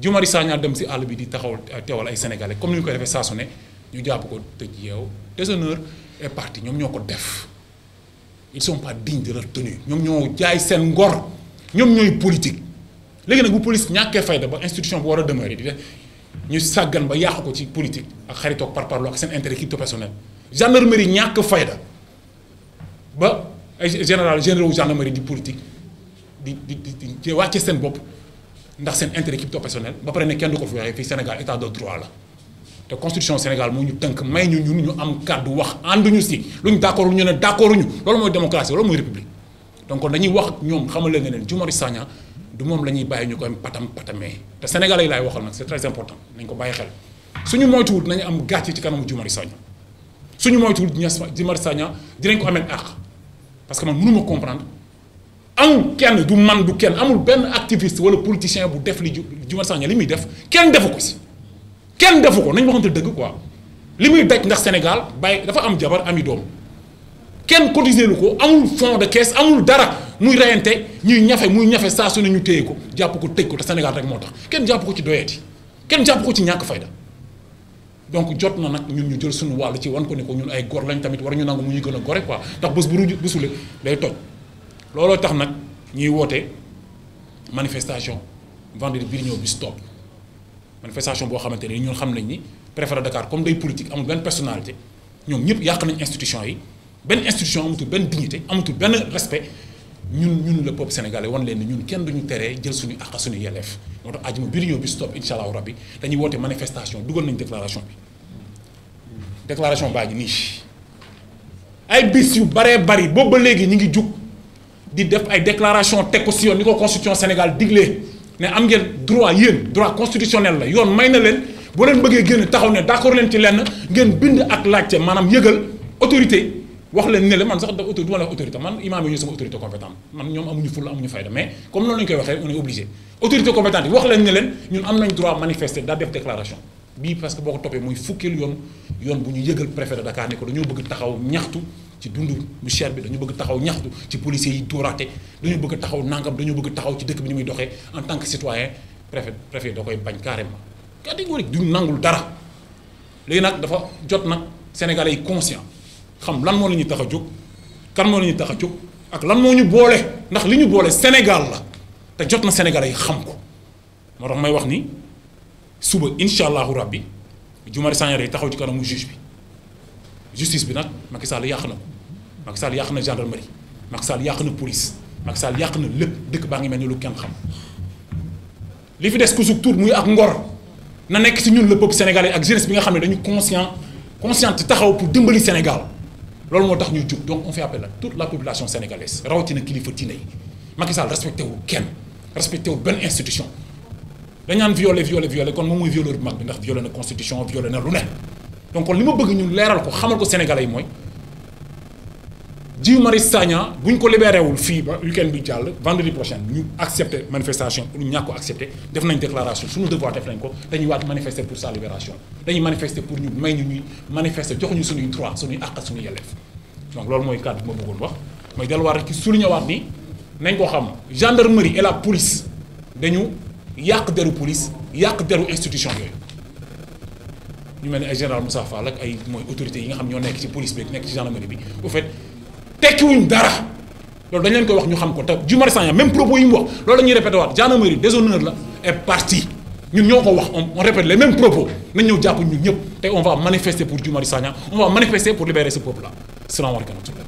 Guy Marius Sagna dem si àll bi di taxawal eh, teewal ay sénégalais comme ni ñu koy defee saa su ñu jàpp ko tëj yeew déshonneur et parti ñoom ñoo ko def ils sont pas dignes de leur tenue ñoom ñoo jaay seen ngor ñoom ñooy politique léegi nag bu police ñàkkee fayda ba institution bu war a demeurer di def ñu sàggan ba yàqu ko ci politique ak xaritoog parparloo ak seen intérêt crypto personnel gendarmerie ñàkk fayda ba ay général généraux gendarmerie di politique di di di wàcce seen bopp ndax seen intérêt crypto personnel ba pare ne kenn du ko fi waxee fii Sénégal état de droit la te constitution Sénégal moo ñu tënk may ñu ñun ñu am kàddu wax ànduñu si lu ñu d'accord ñu ñu loolu mooy démocratie loolu mooy république donc dañuy wax ñoom xamal leen leen Guy Marius Sagna du moom la ñuy bàyyi ñu koy patam patamee te Sénégalais yi laay waxal nag c'est très important nañ ko bàyyi xel suñu moytuwul dinañ am gàcce ci kanamu Guy Marius Sagna suñu moytuwul Guy Marius Sagna dinañ ko amee àq parce que mënu ma comprendre amul kenn du man du kenn amul benn activiste wala politicien bu def li Diomaye Sagna li muy def kenn defu ko si kenn defu ko nañ waxante dëgg quoi li muy daj ndax Sénégal bàyyi dafa am jabar ami doom kenn cotisé lu ko amul fond de amul dara muy reyante ñuy ñafe muy ñafe saa su ne ñu téye ko jàpp ko tëj ko te Sénégal rek moo tax kenn jàpp ko ci doyati kenn jàpp ko ci ñàkk fayda donc jot na nag ñun ñu jël suñu wàll ci wan ko ne ko ñun ay góor lañ tamit war ñu nangu mu ñuy gën a gore quoi ndax bés bu ruuj bésulee day toj looloo tax nag ñuy woote manifestation vendredi bii bi bis topp manifestation boo xamante ne ñun xam nañ ni préfet Dakar comme day politique amul benn personnalité ñoom ñëpp yàq nañ institution yi benn institution amatul benn dignité amatul benn respect ñun ñun le peuple sénégalais wan leen ni ñun kenn duñu teree jël suñu àq suñu yeleef moo tax ajuma bii ñëw bis topp incha allahu rabbi dañuy woote manifestation dugal nañ déclaration bi déclaration baa ngi nii ay yu baree bari boobu ba léegi ñu ngi jug. di def ay déclaration teg ko si yoon ni ko constitution Sénégal diglee ne am ngeen droit yéen droit constitutionnel la yoon may na leen boo leen bëggee génn taxaw ne d'accord leen ci lenn ngeen bind ak laajte maanaam yëgal autorité wax leen ne la man sax da autorité du ma la autorité man imaam yi ñu sama autorité compétente man ñoom amuñu fulla amuñu fayda mais comme noonu lañu koy waxee on est obligé autorité compétente yi wax leen ne leen ñun am nañ droit manifester daa def déclaration bii parce que boo ko toppee muy bu ñu yëgal préfet de Dakar ne ko dañoo bëgg ñaxtu ci dundu bu cher bi dañu bëgg taxaw ñaxtu ci policiers yi tuuraate dañu bëgg taxaw nangam dañu bëgg taxaw ci dëkk bi ni muy doxee en tant que citoyen préfet préfet da koy bañ carrément catégorique du nangul dara léegi nag dafa jot nag sénégal yi conscient xam lan moo la ñuy tax a jóg kan moo la ñuy tax a jóg ak lan moo ñu boole ndax li ñu boole Sénégal la te jot na sénégalais yi xam ko moo tax may wax ni suba incha allahu rabbi Guy Marius yi taxaw ci kanamu juge bi justice bi nag Macky Sall yàq na ko Macky Sall yàq na gendarmerie Macky Sall yàq na police Macky Sall yàq na lépp dëkk baa ngi mel ni lu kenn xam li fi des ku sug tuut muy ak ngor na nekk si ñun le peuple sénégalais ak jeunesse bi nga xam ne dañu conscient consciente taxaw pour dimbali Sénégal loolu moo tax ñu jub donc on fait appel à toute la population sénégalaise rawatina kilifa diine yi Macky Sall respecté kenn respecté wul benn institution dañ naan violé violé violé kon moom mooy violeur bu mag bi ndax violé na constitution violé na lu ne donc kon li ma bëgg ñun leeral ko xamal ko sénégalais mooy. Guy Marius Sagna bu ñu ko libéré wul fii ba weekend bi jàll vendredi prochain ñu accepté manifestation pour ñàkk ko accepté def nañ déclaration suñu devoir def nañ ko dañuy waat manifester pour sa libération dañuy manifester pour ñu may ñu ñuy manifester jox ñu suñuy droit suñuy àq suñuy yelleef donc loolu mooy kàddu bi ma bëggoon wax mooy delluwaat rek ci souligner waat ni nañ ko xam gendarmerie et la police dañu yàq deru police yàq deru institution yooyu ñu mel ni ay général Moussa Fall ak ay mooy autorités tekkiwuñ dara loolu dañ leen koy wax ñu xam ko te Guy Marius Sagna même propos yi mu wax loolu la ñuy répété waat gendarmerie déshonneur la et ñun ñoo ko wax on répète les mêmes propos nañ jàpp ñun ñëpp te on va manifester pour Guy Marius Sagna on va manifester pour libérer ce peuple là salaamaaleykum